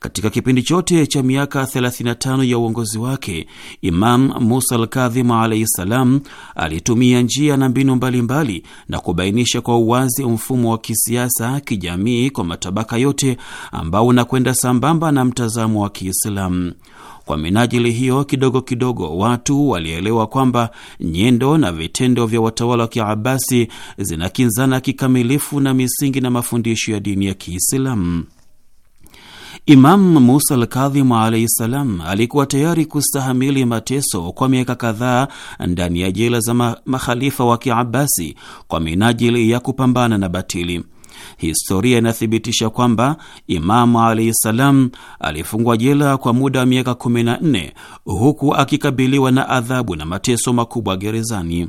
Katika kipindi chote cha miaka 35 ya uongozi wake, Imam Musa al alaihi alayhi salam alitumia njia na mbinu mbalimbali mbali, na kubainisha kwa uwazi mfumo wa kisiasa, kijamii kwa matabaka yote ambao unakwenda sambamba na mtazamo wa Kiislamu. Kwa minajili hiyo, kidogo kidogo watu walielewa kwamba nyendo na vitendo vya watawala wa Kiabasi zinakinzana kikamilifu na misingi na mafundisho ya dini ya Kiislamu. Imamu Musa Alkadhimu alaihi ssalam alikuwa tayari kustahamili mateso kwa miaka kadhaa ndani ya jela za makhalifa wa Kiabasi kwa minajili ya kupambana na batili. Historia inathibitisha kwamba Imamu alaihi ssalam alifungwa jela kwa muda wa miaka 14 huku akikabiliwa na adhabu na mateso makubwa gerezani.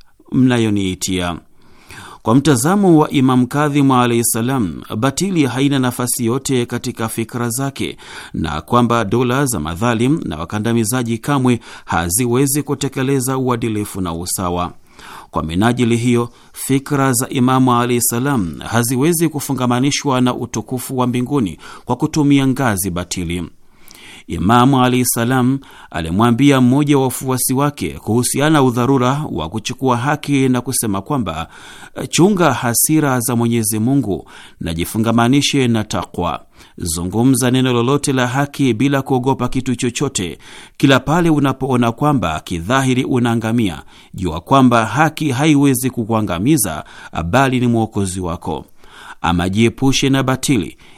mnayoniitia. Kwa mtazamo wa Imamu Kadhimu alaihi salam, batili haina nafasi yote katika fikra zake na kwamba dola za madhalim na wakandamizaji kamwe haziwezi kutekeleza uadilifu na usawa. Kwa minajili hiyo, fikra za Imamu alaihi salam haziwezi kufungamanishwa na utukufu wa mbinguni kwa kutumia ngazi batili. Imamu alaihi salam alimwambia mmoja wa wafuasi wake kuhusiana udharura wa kuchukua haki na kusema kwamba chunga hasira za Mwenyezi Mungu na jifungamanishe na takwa. Zungumza neno lolote la haki bila kuogopa kitu chochote. Kila pale unapoona kwamba kidhahiri unaangamia, jua kwamba haki haiwezi kukuangamiza, bali ni mwokozi wako. Ama jiepushe na batili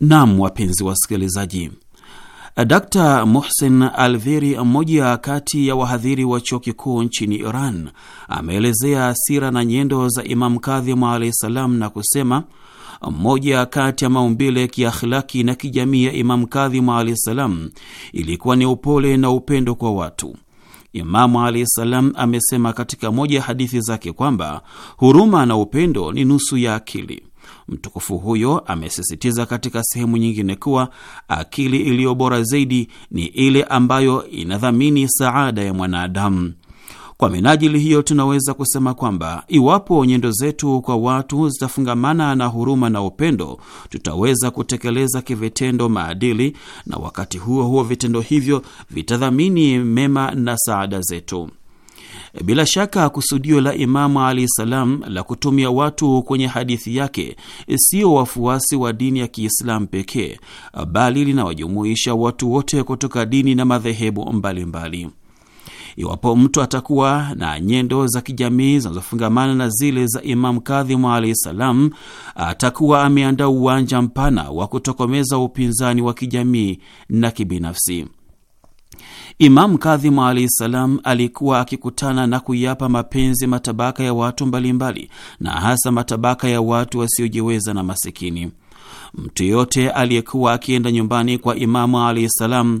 Naam, wapenzi wasikilizaji, Dkt Mohsen Alveri, mmoja kati ya wahadhiri wa chuo kikuu nchini Iran, ameelezea sira na nyendo za Imam Kadhimu alahi salam na kusema mmoja kati ya maumbile ya kiakhlaki na kijamii ya Imam Kadhimu alahi salam ilikuwa ni upole na upendo kwa watu. Imamu alahi salam amesema katika moja ya hadithi zake kwamba huruma na upendo ni nusu ya akili. Mtukufu huyo amesisitiza katika sehemu nyingine kuwa akili iliyo bora zaidi ni ile ambayo inadhamini saada ya mwanadamu. Kwa minajili hiyo, tunaweza kusema kwamba iwapo nyendo zetu kwa watu zitafungamana na huruma na upendo, tutaweza kutekeleza kivitendo maadili, na wakati huo huo vitendo hivyo vitadhamini mema na saada zetu. Bila shaka kusudio la Imamu alahi salam la kutumia watu kwenye hadithi yake sio wafuasi wa dini ya Kiislamu pekee, bali linawajumuisha watu wote kutoka dini na madhehebu mbalimbali mbali. Iwapo mtu atakuwa na nyendo za kijamii zinazofungamana na zile za Imamu Kadhimu alahi salam, atakuwa ameandaa uwanja mpana wa kutokomeza upinzani wa kijamii na kibinafsi. Imamu Kadhimu alahi salam alikuwa akikutana na kuyapa mapenzi matabaka ya watu mbalimbali, na hasa matabaka ya watu wasiojiweza na masikini. Mtu yoyote aliyekuwa akienda nyumbani kwa Imamu alahi salam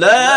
لا